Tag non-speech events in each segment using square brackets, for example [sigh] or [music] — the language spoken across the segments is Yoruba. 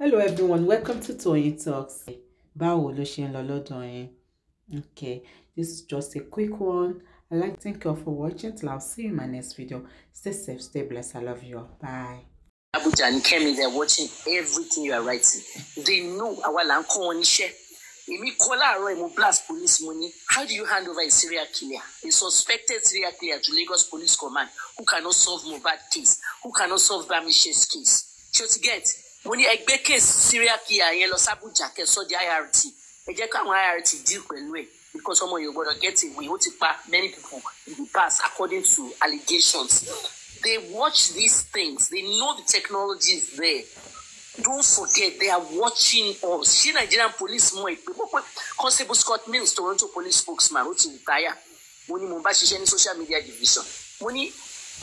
hello everyone welcome to Toyeen Talks báwo ló ṣe ń lọ lọ́dọ̀ yín okay this is just a quick one i like to thank you all for watching till i'll see you in my next video stay safe stay blessed i love you all bye. Abuja and Kemi they are watching everything you are writing they know our là ń kọ́ wọn níṣẹ́ èmi kọ́ láàárọ̀ ìmú blast police mo ní how do you hand over a serial killer a suspected serial killer to Lagos Police Command who cannot solve Mohbad case who cannot solve Bamishe's case ṣé o ti get mo ní ẹgbẹ́ kéèsì serial killer yẹn lọ sábùjá kẹsọ́ di IRT ẹ jẹ́ káwọn IRT deal pẹ̀lú ẹ̀ because ọmọ yóò gbọ́dọ̀ get away ó ti pa many people in the past according to allegations they watch these things they know the technology is there don't forget they are watching us ṣé Nigerian police mọ̀ ìpè púpọ̀ Constable Scott Mills Toronto police spokesman ó ti retire mo ní mo bá ṣiṣẹ́ ní social media division mo ní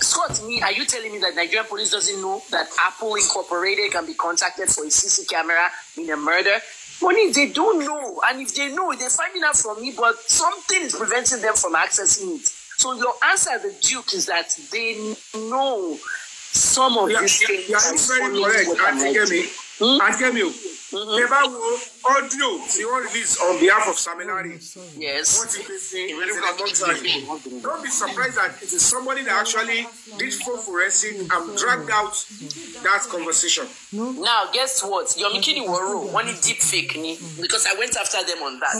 Scott, me, are you telling me that Nigerian police doesn't know that Apple Incorporated can be contacted for a CC camera in a murder? Money, they don't know. And if they know, they're finding out from me, but something is preventing them from accessing it. So your answer, the Duke, is that they know some of yeah, these yeah, things. Yeah, it's very correct. Auntie Kemi, hear Kemi, Mm-hmm. ẹ bá wo audio tí wọ́n release on behalf of Seminary. Oh, yes wọ́n ti pè sí ìrẹ́lẹ́sẹ̀ don't be surprised that it is somebody that actually did full forensic and dragged out that conversation. now guess what yomi kini woro mm-hmm. wọ́n ní deep fake ni mm-hmm. because i went after them on that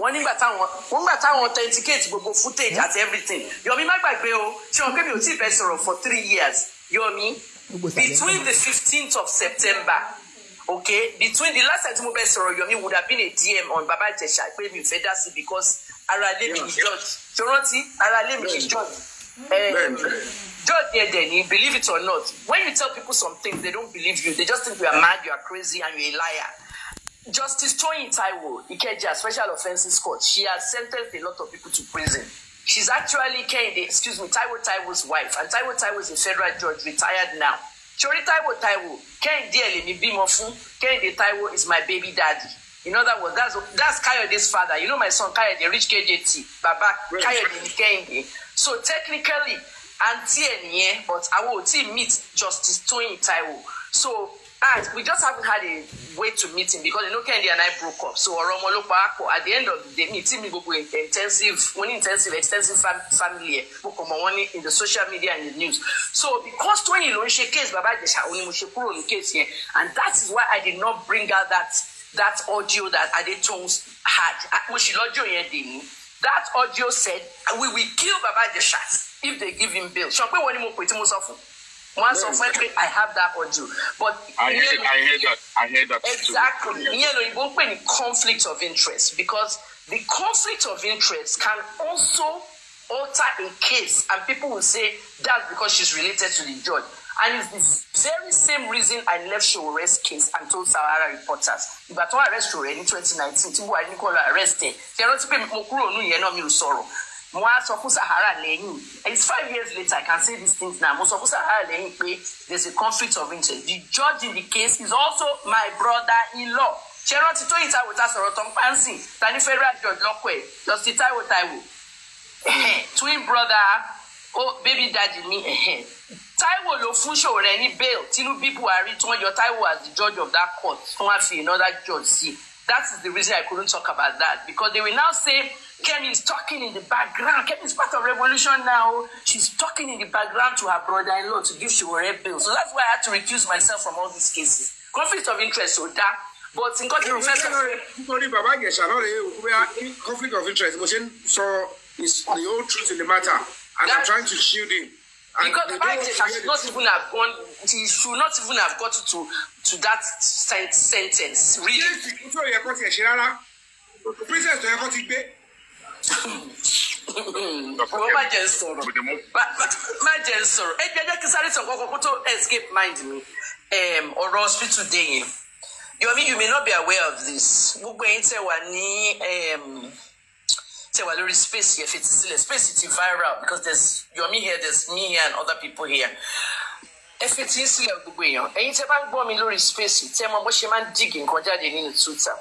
wọ́n nígbà táwọn wọ́n nígbà táwọn authenticate gbogbo footage at everything yomi má gbàgbé o ṣé wọn kébì ò tí ì sọ̀rọ̀ for three years yomi between the fifteenth of september. okay between the last time tí mo bẹ sọ̀rọ̀ yomi would have been a dm on baba ìjẹ̀ṣà pé mi fẹ́ dá because ara lé mi ni george ṣe rántí ara lé mi ni george george yẹn dẹ̀ ni believe it or not when you tell people some things they don't believe you they just think you are mad you are crazy and you are a liar. Justice Toyin Taiwo Ikeja, Special Offences Court, she has sentenced a lot of people to prison. She's actually Kehinde, excuse me, Taiwo Taiwo's wife, and Taiwo Taiwo is a federal judge, retired now. torí Táíwò Táíwò Kẹ́hìndé ẹ̀ lèmi bímọ fún Kẹ́hìndé Táíwò is my baby daddy in other words that's that's Kayode's father you know my son Kayode reach KJT baba Kayode ni Kẹ́hìndé so technically auntie ẹ̀ nìyẹn but I will still meet Justice Tony Taiwo. so and we just haven't had a way to meet him because you know Kennedy and I broke up so ọ̀rọ̀ ọmọ ló pa á pọ̀ at the end of the day mi tí mi gbogbo intensive mo ní intensive extensive fam family ẹ̀ mo kàn mọ̀ wọ́n in the social media and the news so because Tóyìn ló ń ṣe case Baba Ìjẹ̀ṣà òun ni mo ṣe kúrò ní case yẹn and that is why I did not bring out that that audio that Adetoun had mo ṣì lọ́jọ́ yẹn dè mí that audio said we will kill Baba Ìjẹ̀ṣà if they give him bail ṣọ pé wọ́n ni mo pè tí mo sọ fún un wọn sọ fún ẹ i have that audio but. i hear that i hear that exactly. too. exactly ìyẹn lóyìnbó ń pè ní conflict of interest because the conflict of interest can also alter a case and people will say that's because she's related to the judge and it's the very same reason I left Showore's case and told Sahara reporters ìgbà tó arrest Showore ní twenty nineteen tí Buhari ní kó lọ arrest ẹ ṣe rántí pé mo kúrò nù yẹn náà mi ò sọ̀rọ̀ mo wá sọ fún Sahara lẹ́yìn it's five years later I can say these things now mo sọ fún Sahara lẹ́yìn pé there's a conflict of interest the judge in the case is also my brother-in-law ṣe rántí Tóyìn Táíwò ta sọ̀rọ̀ tó ń pàǹsì federal judge lọ́kọ̀ ẹ̀ lọ́sí Táíwò Táíwò twin brother oh, baby daddy mi Taiwo ló fún Ṣòwòrẹ́ ní bail Tinubu Buhari tí wọ́n yọ taiwo as the judge of that court tí wọ́n fi another judge see. That is the reason I couldn't talk about that because they will now say Kemi is talking in the background. Kemi is part of revolution now. She's talking in the background to her brother-in-law to give Shiwore bill. So that's why I had to recuse myself from all these cases. Conflict of interest, so that. But in tí mo fẹ́ conflict of interest sọ it's the whole truth in the matter and I'm trying to shield him. And because should not even have gone He should not even have got to to that sen sentence really. kéèsì kúṣọ yẹ kó tiẹ̀ ṣe princess tó yẹ kó ti [laughs] escape mind mi ọ̀rọ̀ hospital today. You mean you may not be aware of this gbogbo ẹ̀yin tẹ́ wà ní tẹ́ wà lórí space it's fetí sílẹ̀ space ti viral because there's Yomi here there's me here and other people here ẹ fi tí ń sílẹ̀ gbogbo èèyàn ẹ̀yin tẹ́ bá ń gbọ́ mi lórí space tẹ́ mọ bó ṣe máa ń dígì nǹkan jáde nínú Twitter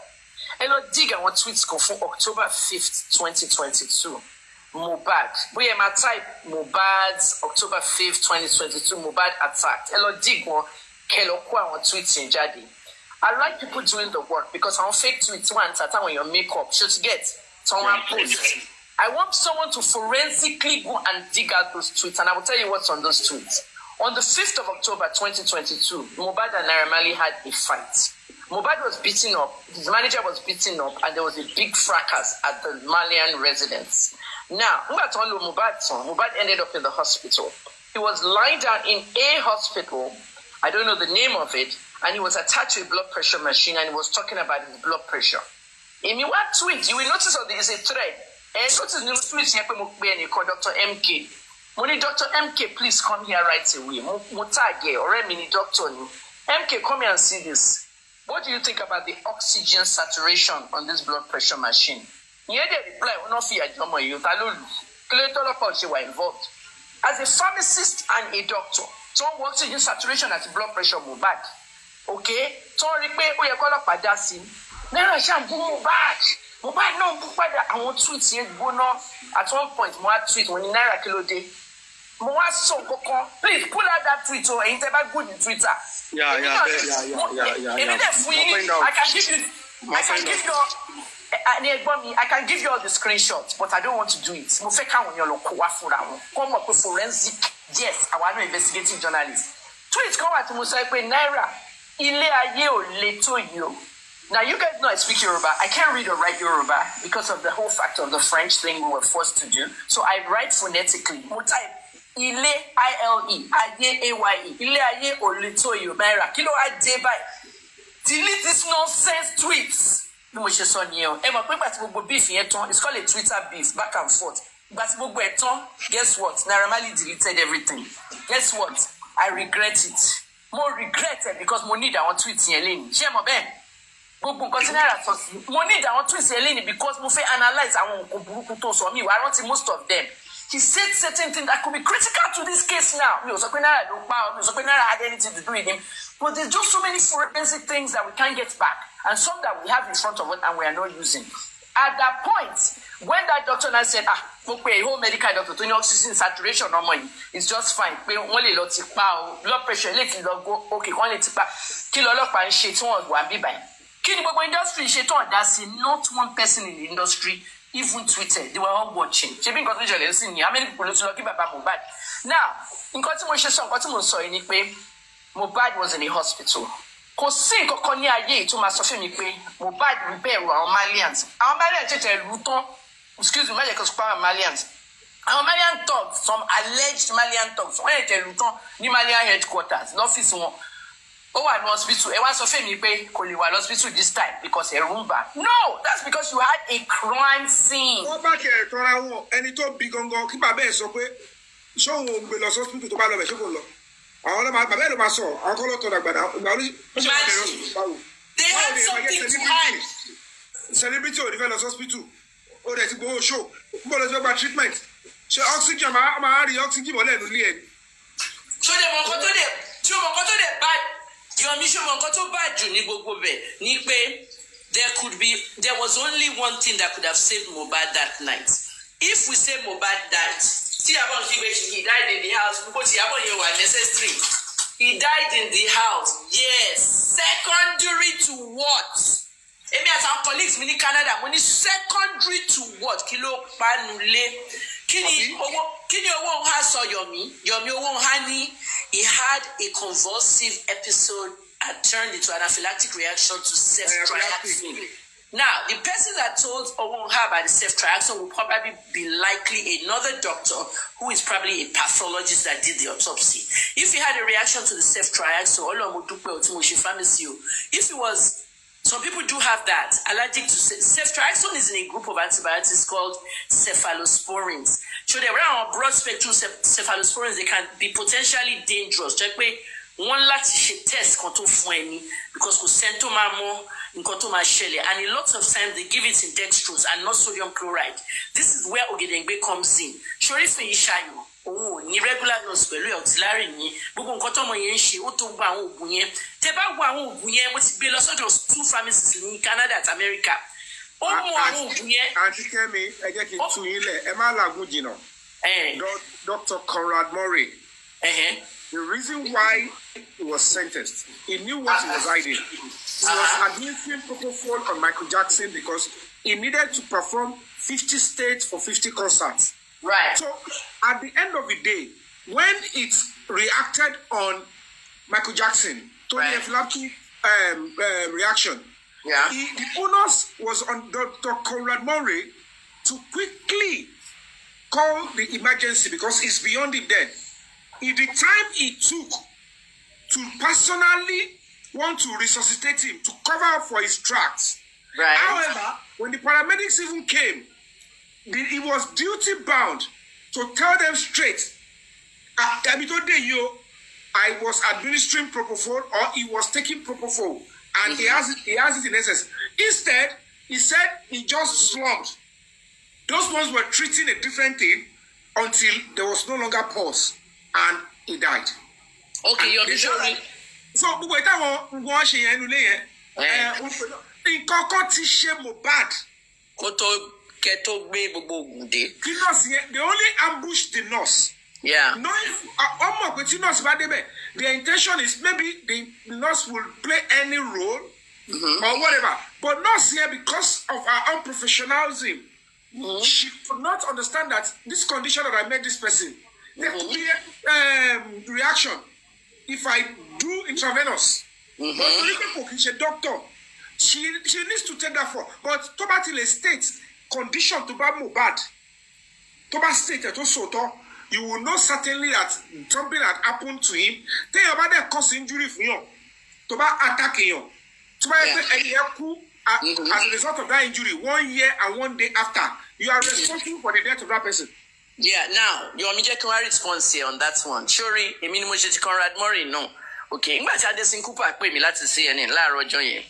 ẹ lọ dígì àwọn tweet kan fún October fifth twenty twenty two Mohbad bóyá ẹ máa type Mohbad October fifth twenty twenty two Mohbad attack ẹ lọ dígì wọn kẹ́ lọ kó àwọn tweet yẹn jáde I like people doing the work because àwọn fake tweets wà ń ta táwọn èèyàn make up ṣó ti get tán wá post. I want someone to forensically go and dig out those tweets and I will tell you what's on those tweets. On the 5th of October 2022, Mobad and Naramali had a fight. Mobad was beaten up, his manager was beaten up, and there was a big fracas at the Malian residence. Now, Mubad ended up in the hospital. He was lying down in a hospital, I don't know the name of it, and he was attached to a blood pressure machine and he was talking about his blood pressure. In your tweet, you will notice on there is a thread. Eh, and notice in the tweet, you have doctor MK. mo ní doctor mk please come here right away mo mo tag ẹ mi ni doctor ni mk come here and see this what do you think about the oxygen saturation on this blood pressure machine ìyẹn dẹ̀ reply wọn náà fi àjọ ọmọ èèyàn ta ló lù kí ló ṣe wà involved as a pharmacist and a doctor tó ń wo oxygen saturation àti blood pressure Mohbad okay tó ń rí i pé ó yẹ kọ́lọ́pàá dá sí i náírà ṣáà bú Mohbad Mohbad náà bú padà àwọn tweet yẹn gbóná at one point mo á tweet mo ní náírà kí ló dé mo wá please pull out that tweet o ain't ever good in twitter. Yeah, yeah, yeah, yeah, yeah, yeah. fún yín i can give you i can give you ni ẹ̀gbọ́n mi i can give you all the screenshots but i don't want to do it mo fẹ́ káwọn èèyàn lọ kó wá fúnra forensic yes i àwa náà investigative journalist tweet kan wà tí mo sọ náírà ilé ayé ò le now you guys know i speak yoruba i can't read or write yoruba because of the whole fact of the french thing we were forced to do so i write phonetically mo ilé ile ayé aye ilé ayé ò lè tó èèyàn náírà kí ló wá dé báyìí delete this nonsense tweets bí mo ṣe sọ nìyẹn o ẹ mọ̀ pé gbàtí gbogbo beef yẹn tán it's called a twitter beef back and forth gbàtí gbogbo ẹ̀ tán guess what naira marley deleted everything guess what i regret it mo regret it because mo need àwọn tweets yẹn lẹ́yìn ṣé ẹ mọ̀ bẹ́ẹ̀ gbogbo nǹkan tí náírà sọ sí mo need àwọn tweets yẹn lẹ́yìn because mo fẹ́ analyse àwọn nǹkan burúkú tó sọ mi ìwà rántí most of them he said certain things that could be critical to this case now. Mi ò sọ pé náírà ló pa ọ́, had anything to do with him. But there's just so many forensic things that we can't get back and some that we have in front of us and we are not using. At that point, when that doctor now said, ah, okay, whole medical doctor tó oxygen saturation ọmọ yìí is just fine pé wọ́n lè lọ ti blood pressure let it go Okay, one lè ti pa kí lọ́lọ́pàá ń ṣe tí wọ́n wà bíbáyìí. Kí ni gbogbo industry ṣe tó ọ̀dà not one person in the industry even tweeted they were all watching ṣebí nǹkan tó ṣẹlẹ̀ sí ni how many people ló ti lọ kí bàbá Mohbad now nǹkan tí mo ṣe sọ nǹkan tí mo sọ yìí ni pé Mohbad was in a hospital kò sí nǹkan kan ní ayé yìí tó máa sọ fún mi pé Mohbad ń bẹ̀rù àwọn Malians àwọn Malians ṣẹ̀ṣẹ̀ lù tán excuse me má jẹ́ kí sọ pé àwọn Malians àwọn Malian thugs some alleged Malian thugs wọ́n ṣẹ̀ṣẹ̀ lù tán ní Malian headquarters lọ́fíìsì wọn ó wà ní hospital ẹ wá sọ fún mi pé kò lè wà ní hospital this time because ẹ̀rù ń no that's because you had a crime scene. wọ́n bá kí ẹ̀ tọ́ra wọn ẹni tó bí gangan kí bàbá ẹ̀ sọ pé ṣóun ò gbé lọ sí hospital tó bá lọ bẹ̀ ṣé kò lọ àwọn ọlọ́mọ bàbá ẹ̀ ló máa sọ àwọn kọ́ ló tọ́ dàgbà náà ìgbà orí ó ṣe máa bẹ̀rẹ̀ hospital they had something to hide. celebrity ò ní fẹ́ lọ sí hospital ó dẹ̀ ti gbowó ṣó bó lọ sí ọgbà treatment ṣe oxygen máa rí oxygen mọ́lẹ̀ nílé ẹ̀. ṣó lè mọ nǹkan tó lè ṣó mọ nǹkan tó lè bá Yomi Shomo nǹkan tó bá jù ní gbogbo bẹ̀ ni pé there could be there was only one thing that could have saved Mohbad that night if we say Mohbad died tí abọ́ ní ṣígbẹ́ he died in the house gbogbo tí abọ́ yẹn wà necessary he died in the house yes secondary to what èmi àtàwọn colleagues mi ní Canada mo ní secondary to what kí ló panu lé kí ni owó kí ni owó ń há sọ Yomi Yomi owó ń há ní He had a convulsive episode and turned into anaphylactic reaction to ceftriaxone. Now, the person that told Owonha about the ceftriaxone will probably be likely another doctor who is probably a pathologist that did the autopsy. If he had a reaction to the ceftriaxone, if he was Some people do have that. Allergic to ceftriaxone is in a group of antibiotics called cephalosporins. So there are broad spectrum cephalosporins. They can be potentially dangerous. Check me One láti ṣe test kan tó fún because kò sẹ́ni tó máa mọ nǹkan and a lot of times they give it in dextrose and not sodium chloride this is where ogedengbe comes in ṣorífin me ṣayọ òun ò ní regular nurse pẹ̀lú ẹ̀ ọ̀tílárì yẹn gbogbo nǹkan tọ́mọ yẹn ń ṣe ó tó ń àwọn oògùn yẹn tẹ bá wo àwọn oògùn yẹn mo ti gbé lọ sọ́dọ̀ two pharmacies ní Canada àti America ó mú àwọn oògùn yẹn. àti Kẹ́mi ẹ jẹ́ kí n tú yín lẹ̀ ẹ má làágùn jìnnà Dr. Conrad Murray the reason why he was sentenced he knew what he was hiding he was ah. administering propofol on Michael Jackson because he needed to perform fifty states for fifty concerts. Right. So at the end of the day, when it reacted on Michael Jackson, Tony right. Um, um, reaction, yeah. He, the onus was on Dr. Conrad Murray to quickly call the emergency because it's beyond him then. In the time it took to personally want to resuscitate him, to cover up for his tracks. Right. However, when the paramedics even came, he was duty bound to tell them straight ah, àbí tó dé yìí I was administering propofol or he was taking propofol and he has it, he has it in excess instead he said he just slumped those ones were treating a different thing until there was no longer pause and he died. okay yọ̀dún sórí. so gbogbo ìtàwọn wọn ṣe yẹn nulẹ̀ yẹn eh. Eh, nǹkan kan ti ṣe Mohbad. kó tó kẹ tó gbé gbogbo oògùn dé. kí nọ́ọ̀sì yẹn they only ambush the nurse. Yeah. Knowing ọmọ ah, pé tí nurse bá débẹ̀ the intention is maybe the nurse will play any role mm-hmm. or whatever but nurse here because of her unprofessionalism mm-hmm. she could not understand that this condition that I made this person mm-hmm. could be a um, reaction if I do intravenous. Mm-hmm. but torí pé kò kì doctor she she needs to take that for but tó bá state condition tó bá Mohbad tó bá state tó sòótọ́ you will know certainly that something had happened to him téèyàn bá dẹ̀ cause injury fún yàn tó bá attack yàn tó bá yẹ pé ẹni yẹn kú mm-hmm. as a result of that injury one year and one day after you are responsible for the death of that person. Yeah, now you to Yomi Jekinwa response here on that one. Sori, èmi ni mo ṣe Conrad Murray No. Okay, ngbà tí Adesin Cooper pè to láti CNN láàárọ̀ ọjọ́ yẹn.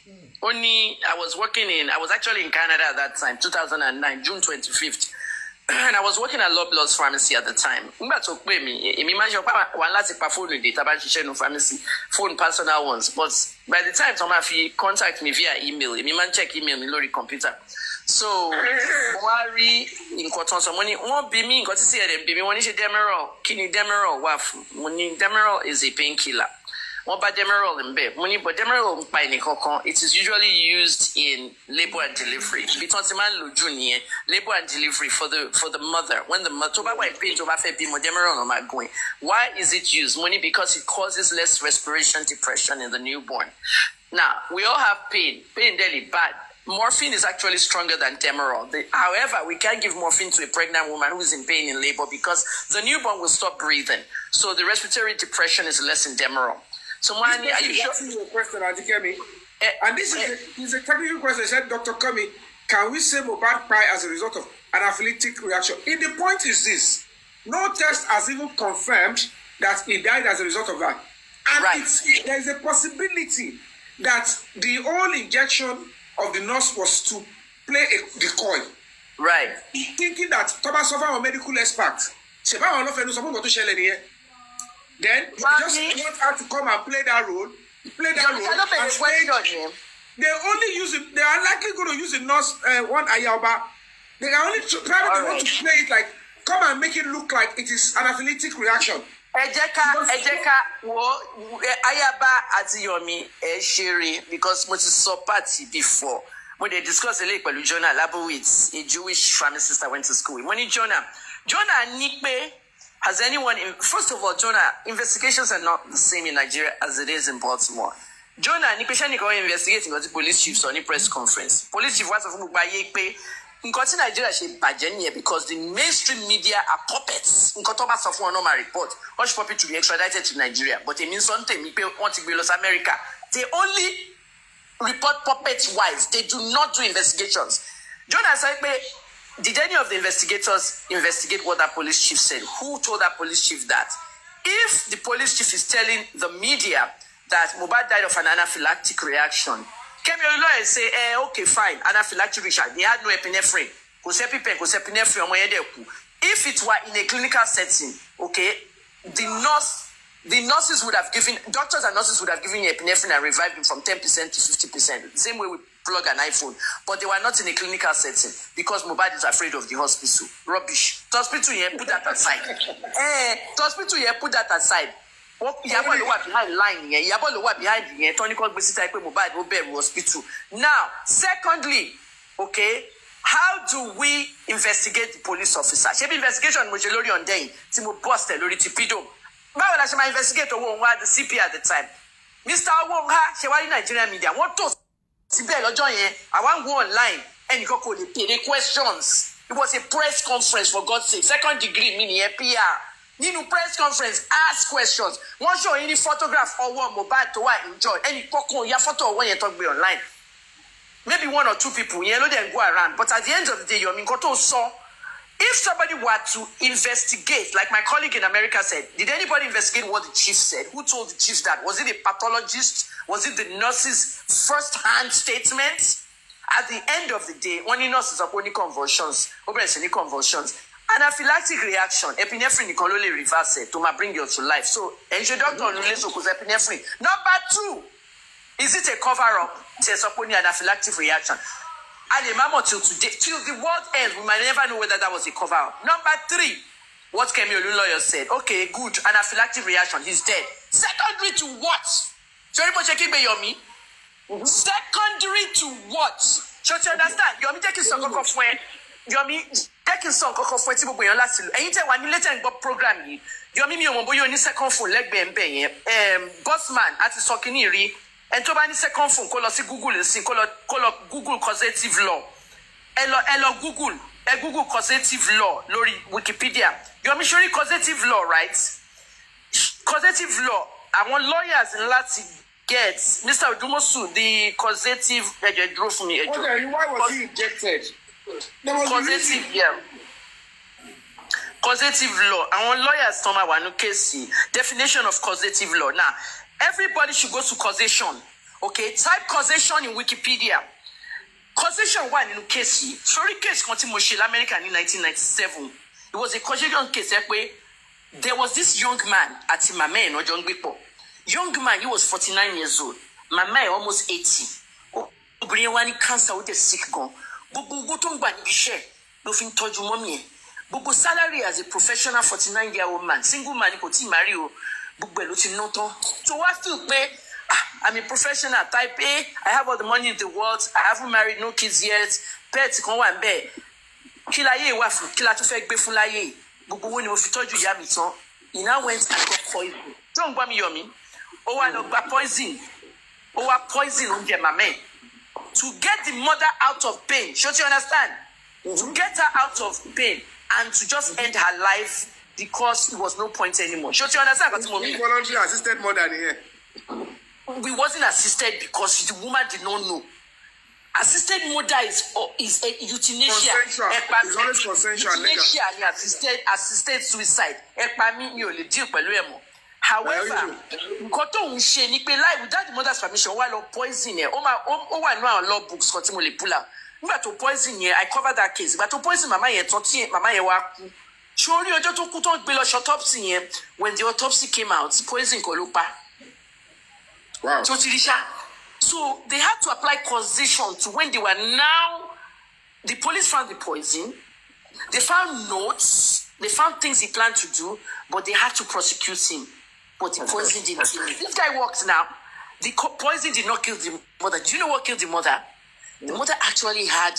Only i was working in i was actually in canada at that time 2009, june 25th, [clears throat] and i was working at loblaws pharmacy at the time nígbà tó pè mí èmi máa ń ṣe ọpá wa láti pa fóònù èdè tá ń ṣiṣẹ́ nu pharmacy phone personal ones but by the time tó máa fi contact me via email èmi máa ń check email mi lórí computer so wá rí nǹkan tán sọ mo ní wọ́n bí mi nǹkan tí sì ẹ̀rẹ̀ bí mi wọ́n ní ṣe demerol kí ni demerol wà fún mo ní demerol is a painkiller What about demerol ń bẹ̀ mo but demerol by pa it is usually used in labour and delivery ibi tí wọ́n ti máa lo labour and delivery for the for the mother when the mother tó bá wà ìpè tó demerol ló máa going? why is it used Money because it causes less respiration depression in the newborn now we all have pain pain daily, but morphine is actually stronger than Demerol. The, however, we can't give morphine to a pregnant woman who is in pain in labor because the newborn will stop breathing. So the respiratory depression is less in Demerol. So man, are you sure? This is a question, Adikemi. Uh, eh, and this is, uh, eh. a, is a technical question. I said, Dr. Kami, can we say Mobad pie as a result of an anaphylactic reaction? And the point is this. No test has even confirmed that he died as a result of that. And right. there is a possibility that the whole injection of the nurse was to play a decoy. Right. Thinking that Thomas suffered or medical expert. Ṣèbáwọn ọlọ́fẹ́ ló sọ fún nǹkan tó ṣẹlẹ̀ nìyẹn. Then you just want her to come and play that role, play that role, and stage. They only use it. They are likely going to use it. Not uh, one Ayaba. They are only trying. They right. want to play it like come and make it look like it is an athletic reaction. Ejeka, Ejeka. ká wo eh, Ayaba ati Yomi ẹ ṣeré because mo ti sọ pàtì before mo dey discuss eléyìí pẹ̀lú Jonah Labowitz a Jewish family sister went to school with mo ní Jonah Jonah ní Has anyone, in, first of all, Jonah, investigations are not the same in Nigeria as it is in Baltimore. Jonah, ní pé ṣé nìkan investigate nǹkan tí police chief sọ ní press conference. Police chief wá sọ fún gbogbo ayé pé nǹkan tí Nigeria ṣe bàjẹ́ nìyẹn because the mainstream media are puppets. Nǹkan tó bá sọ fún ọ náà report. Wọ́n ṣe puppet to be extradited to Nigeria but èmi ń sọ ní tèmi pé wọ́n ti gbé lọ America. They only report puppet wise. They do not do investigations. Jonah sọ pé Did any of the investigators investigate what that police chief said? Who told that police chief that? If the police chief is telling the media that Mubad died of an anaphylactic reaction, can your lawyer say, eh, okay, fine, anaphylactic reaction. They had no epinephrine. If it were in a clinical setting, okay, the nurse, the nurses would have given, doctors and nurses would have given epinephrine and revived him from 10% to 50%. Same way with plug an iphone but they were not in a clinical setting because Mohbad is afraid of the hospital rubbish the hospital yẹn put that aside [laughs] eh, the hospital yẹn put that aside Ìyábọ̀ ló wà behind line yẹn Ìyábọ̀ ló wà behind yẹn tọ́nikọ́ gbé síta pé Mohbad ó bẹ̀rù hospital now secondly okay how do we investigate the police officer ṣebí investigation mo ṣe lórí ọ̀ndẹ́ yìí tí mo bust ẹ̀ lórí ti pdom báwo la ṣe máa investigate owó òun wá the cp at the time mr owó òun ha ṣe wá ní Nigerian media wọ́n tó síbẹ̀ lọ́jọ́ yẹn I ń go online ẹnìkan kò lè pèrè questions it was a press conference for God's sake second degree mi nìyẹn PR nínú press conference ask questions wọ́n ṣòwò yín ní photograph ọwọ́ Mohbad tó wà enjoy ẹnìkan kan ò ya fọ́tò ọwọ́ yẹn tó gbé online maybe one or two people yẹn ló dẹ̀ ń go around but at the end of the day yomi nǹkan tó sọ. So, If somebody were to investigate, like my colleague in America said, did anybody investigate what the chief said? Who told the chief that? Was it a pathologist? Was it the nurse's first hand statement? At the end of the day, only nurses have only convulsions, any convulsions, anaphylactic reaction, epinephrine nìkan reverse it to bring you to life. So, ẹ̀jẹ̀ doctor epinephrine. Number two, is it a cover up? Ṣé sọ pé anaphylactic reaction? Alimamo till today, till the world ends, we might never know whether that was a cover Number three, what Kemi lawyer said. Okay, good, anaphylactic reaction, he's dead. Secondary to what? Sorry, but checking Yomi. Mm-hmm. Secondary to what? Ṣé you understand? Yomi jẹ́ kí n sọ kọ́kọ́ fún ẹ. Yomi jẹ́ kí n sọ kọ́kọ́ fún ẹ tí gbogbo èèyàn láti lò. Ẹ̀yin tẹ̀ wá nílé tẹ̀ ń gbọ́ program yìí. Yomi mi ò mọ̀ bóyá o ní second phone lẹ́gbẹ̀ẹ́ ń bẹ̀ yẹn. Bossman àti sọ kínní ẹni tó bá ní second phone kó lọ sí google nsìn kó lọ kó lọ google causative law ẹ lọ ẹ lọ google ẹ google causative law lórí wikipedia yomi sori causative law right causative law àwọn lawyers ńlá ti get mr odumosu the causative ẹjọ dúró fún mi ẹjọ. okay why was he ejected. causative yeah causative law àwọn lawyers tán máa wà ní kéèsì definition of causative law now. Nah, everybody should go to causation okay type causation in wikipedia causation one in kéèsì Sorry, case kéèsì kan tí in 1997 it was a causation case ẹ there was this young man at màmá ẹ̀ náà jọ ń young man he was 49 years old màmá ẹ̀ almost 80 obìnrin wa one, cancer with a sick gan gbogbo owó tó ń gbà níbi iṣẹ́ ló fi ń tọ́jú mọ́mí ẹ̀ gbogbo salary as a professional 49 year old man single man kò tí ì má rí gbogbo ẹ̀ ló ti ná tán tó wá feel pé ah, i'm a professional type a i have all the money in the world i haven't married no kids yet pet kan wà bẹ́ẹ̀ kí láyé wà fún kí la tún fẹ́ gbé fún láyé gbogbo owó ni mo fi tọ́jú ìyá mi tán he now went and got poison tó ń gbọ́ mi yọ̀ mí ó wá lọ gba poison ó wá poison oúnjẹ màmẹ́ to get the mother out of pain ṣé o ti understand to get her out of pain and to just end her life because it was no point anymore Should you understand nǹkan tí mo mean. involuntary assisted murder nìyẹn. we wasn't assisted because the woman did not know assisted mother is uh, is a euthanasia ẹpa euthanasia ni assisted assisted suicide Epa mi mi ò lè deal pẹ̀lú ẹ̀ mọ́ however nǹkan tó ń ṣe ni pé láì without the mother's permission wà lọ poison ẹ ó wà nínú àwọn law books kan tí mo le pull out nígbà tó poison yẹn i cover that case ìgbà tó poison mama yẹn tán tí màmá yẹn wá kú Surely, your daughter could not be gbé autopsy when the autopsy came out poison kò Wow. So, so they had to apply causation to when they were now the police found the poison they found notes they found things he planned to do but they had to prosecute him but the poison didn't kill him this guy works now the poison did not kill the mother do you know what killed the mother. The mother actually had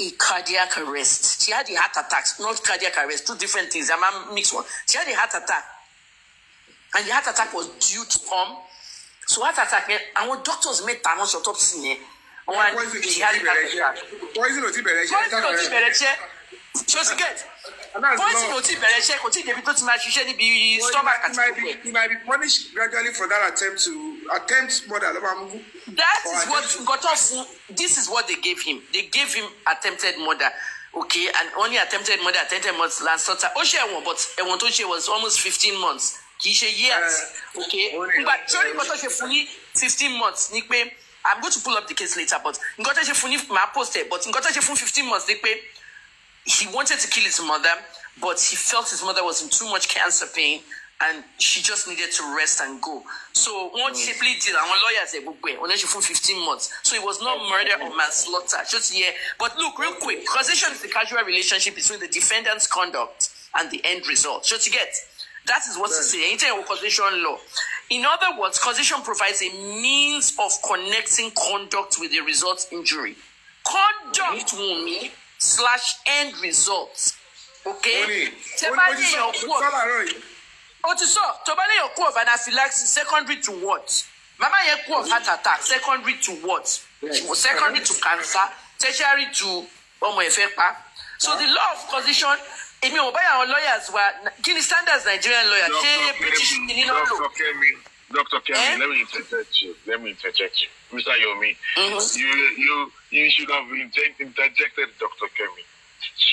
a cardiac arrest. She had a heart attack, not cardiac arrest, two different things. I'm a mixed one. She had a heart attack. And the heart attack was due to come. So heart attack, And àwọn doctors made wọ́n on sí yẹn. Wọ́n Why is it not jẹ́. Poison ò ti bẹ̀rẹ̀ jẹ́. Poison ò ti bẹ̀rẹ̀ So, sí gẹ̀ẹ́tì bọ́ọ̀sì yóò ti bẹ̀rẹ̀ iṣẹ́ kò tí ì to tó ti máa ṣiṣẹ́ níbi stomach àti gbogbo ẹ̀. he might be punished gradually for that attempt to attempt murder ló máa that is what nǹkan tó this is what they gave him they gave him attempted murder okay and only attempted murder attempted murder last summer ó ṣe ẹ̀wọ̀n but ẹ̀wọ̀n tó ṣe was almost fifteen months kì í ṣe years uh, okay ngbà sórí nǹkan tó ṣe fún ní fifteen months ni pé i'm going to pull up the case later but nǹkan tó ṣe fún ní màá post ẹ̀ but nǹkan tó ṣe fún fifteen months ni pé. he wanted to kill his mother, but he felt his mother was in too much cancer pain and she just needed to rest and go. So one yes. simply did and one lawyer said way unless you for 15 months. So it was not murder or manslaughter. Just yeah. But look, real quick, causation is the casual relationship between the defendant's conduct and the end result. So to get that is what right. it's saying. causation law. In other words, causation provides a means of connecting conduct with the result injury. Conduct, slash end result okay tẹ bá ní èèyàn kú ọ o ti sọ tó bá léèyàn kú of anaphylaxis secondary to what mama yẹn kú of heart attack secondary to what secondary to cancer tertiary to ọmọ ẹ̀fẹ́ pa so the law of condition èmi ò báyà àwọn lawyers wa kí ni standards Nigerian lawyer ṣé British kìíní lọ́lọ́. Dr. Kemi, Dr. Kemi, eh? let me interject you. Let me interject you. Mr. Yomi, mm-hmm. you you you should have inject, interjected Dr. Kemi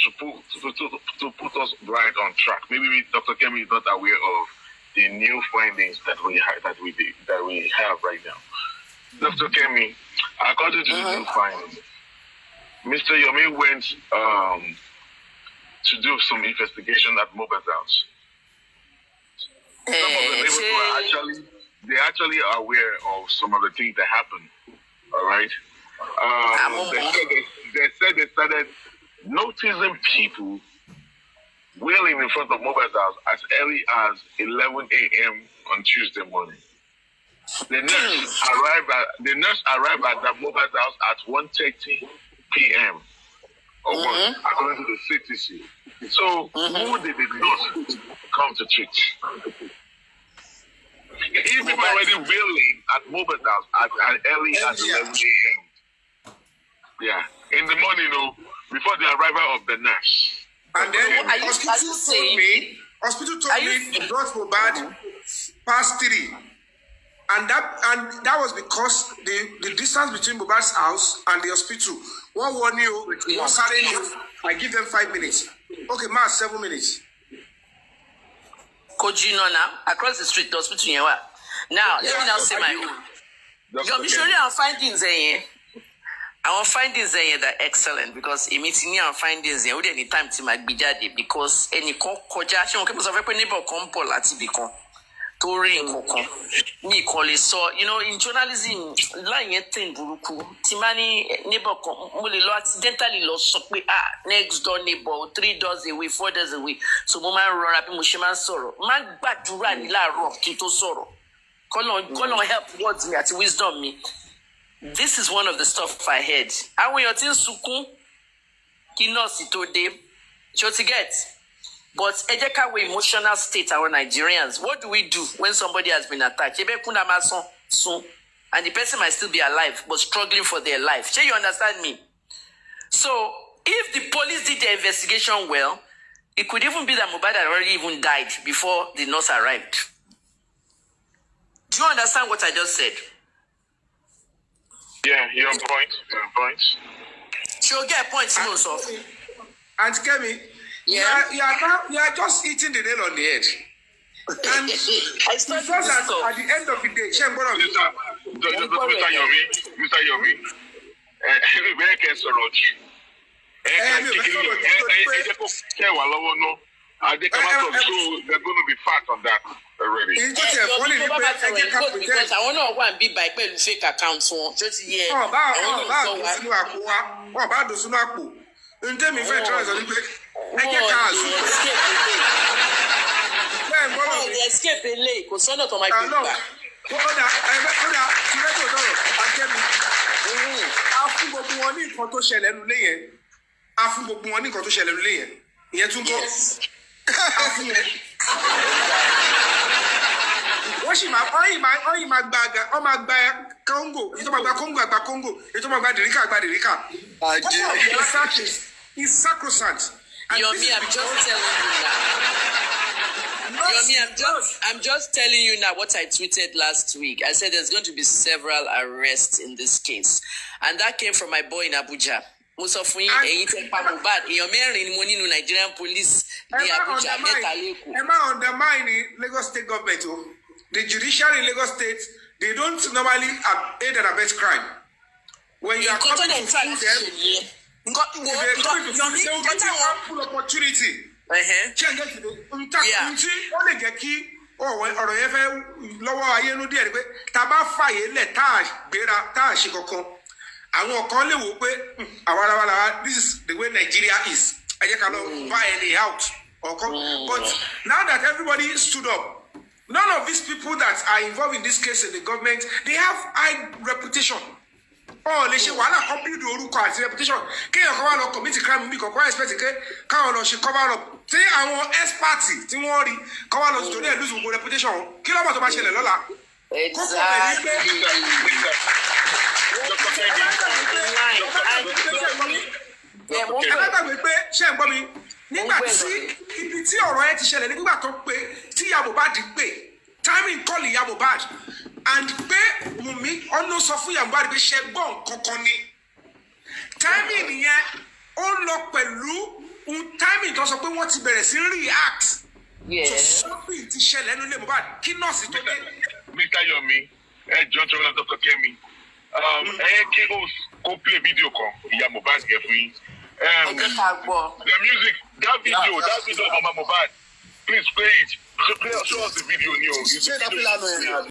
to put, to, to put us right on track. Maybe Dr. Kemi is not aware of the new findings that we ha- that we did, that we have right now. Dr. Kemi, according to the mm-hmm. new findings, Mr. Yomi went um, to do some investigation at Mobile House. Some of the eh, neighbors were actually they actually are aware of some of the things that happened. All right. Um, they, said they, they, said they, started noticing people wheeling in front of mobile house as early as 11 a.m. on Tuesday morning. The nurse arrived at the nurse arrived at that mobile house at 1:30 p.m. or mm-hmm. one, according to the CTC. So mm-hmm. who did the nurse come to treat? He's been already willing at moving house at, at early as 11 a.m. Yeah, in the morning, though, before the arrival of the nurse. And then are you, hospital are you told me, hospital told me, you, brought Mubad past three. And that and that was because the, the distance between Mubad's house and the hospital. One warn you, one sudden you, I give them five minutes. Okay, ma, seven minutes. Kogi you know now, across the street, the hospital yẹn wà. Now, let me now say my own. Your missionary and findings eh? Àwọn findings yẹn that excellent because èmi ti ní àwọn findings yẹn ó dẹ̀ ní time tí màá gbé jáde because ẹnìkan kọjá ṣé wọn kí n sọ fẹ́ pé neighbor kan ń bọ̀ láti ibì kan tó rí nǹkankan ní ìkànlẹ̀ sọ you know in journalism láyẹn tẹ̀ ń burúkú tí máa ní neighbor kan mo lè lọ accidentally lọ sọ pé ah next door neighbor three doors away four doors away so mo máa ń rọra bí mo ṣe máa ń sọ̀rọ̀ máa ń gbàdúrà ní láàárọ̀ kí n tó sọ̀rọ̀ kọ́nà mm. help words mi àti wisdom mi this is one of the stuff I heard àwọn èèyàn ti ń sunkún kí nọ́ọ̀sì tó dé ṣó ti get but ẹ jẹ́ emotional state our Nigerians what do we do when somebody has been attacked ebe kunda ma sun sun and the person might still be alive but struggling for their life shey you understand me so if the police did their investigation well it could even be that Mohbad had already even died before the nurse arrived do you understand what I just said. yeah your point your point. ṣe o get point tí mo sọ. àǹtí Yeah. You are, you are now you are just eating the nail on the head. And I just at, at the end of the day, ṣé n gbọ́dọ̀ mi. Mr. Yomi, Mr. Yomi, ẹ̀mí bẹ́ẹ̀ kẹ́ sọ̀rọ̀ jù. Ẹ kẹ́ kékeré ẹ jẹ́ kó kẹ́ wà lọ́wọ́ náà. Adekamato, so they're going to be fat on that already. Ìjọ tí ẹ̀ fọ́lì ní pé ẹ jẹ́ ká pè jẹ́. Àwọn náà wà bí báyìí pẹ̀lú fake account wọn. Ṣé ti yẹ? Wọ́n bá dùn sínú àpò wa. Wọ́n bá dùn sínú àpò. Ǹjẹ́ mi fẹ́ tẹ́lẹ̀ sọ ní pé ẹ jẹ́ ká àzù. Oh, bẹ́ẹ̀ gbọ́ bọ̀ mi. escape ilé kò sọ́nà tó máa gbé gbà. kódà kódà tìrẹ́tò náà àjẹmí. Mm-hmm. a fún gbogbo wọn ní nǹkan tó ṣẹlẹ̀ lulẹ̀ yẹn a fún gbogbo wọn ní nǹkan tó ṣẹlẹ̀ lulẹ̀ yẹn ìyẹn tún kọ́ [laughs] wọ́n sì máa ọ́ yìí máa ọ́ yìí máa gba aga ọ́ máa gba kóńgò ètò máa gba kóńgò àgbà kóńgò ètò máa gba dèríkà àgbà dèríkà. àjẹ́ me. I'm just telling you that. now. me. I'm just, I'm just telling you now what I tweeted last week. I said there's going to be several arrests in this case. And that came from my boy in Abuja. mo sọ fún yín ẹ̀yin tẹ pa Mohbad Nigerian police ní Abuja mẹ́ta lẹ́kọ̀ọ́. ẹ má Lagos state government the judiciary in Lagos state they don't normally aid and abet crime. when you are coming to them nǹkan wo nǹkan ní nǹkan táwọn. full opportunity. ṣé ǹjẹ́ ti ǹtí ó lè jẹ́ kí ọ̀rọ̀ yẹn fẹ́ lọ́wọ́ ayélu díẹ̀ ni pé tá a bá fàyè lẹ̀ tá a gbéra tá a àwọn kan lè wò pé hmm, àwa this is the way Nigeria is ẹ jẹ́ ká lọ buy any out ọkọ mm. but now that everybody stood up none of these people that are involved in this case in the government they have high reputation ọ lè ṣe wàhálà kan bílíìdì orúkọ àti reputation kéèyàn kan wá lọ committee crime bí kankan expect ké káwọn lọ ṣe cover up tí àwọn experts tí wọ́n rí kan wá lọ sí torí ẹ̀ lose gbogbo reputation kí lọ́mọ tó bá ṣẹlẹ̀ lọ́la. kókó rẹ̀ pé. ẹ ń gbọ́ mi nígbà tí ibi tí ọ̀rọ̀ ẹ ti ṣẹlẹ̀ nígbà tó pé tíyàwó bá dì pé timing kọ́ọ̀lì ìyá Mohbad and pé Wùmí ọ̀nà sọ fún ìyá Mohbad pé ṣe gbọ́ nǹkan ni timing yẹn ó lọ pẹ̀lú timing tó sọ pé wọ́n ti bẹ̀rẹ̀ sí react so something ti ṣẹlẹ̀ nínú ilé Mohbad kí nọ́ọ̀sì tó dé. mr yomi ẹ jọ tí wọn lọ sọ kẹmi um, mm. ẹ kí o kó play video kan ìyá Mohbad yẹ fún yín. Um, ẹ the music that video that video of mama Mohbad please play it ṣé pílẹ̀ ọ̀ṣọ́ ọ̀sìn fídíò ni o. ṣé ìdá pílẹ̀ àná ẹ̀rìn àbí.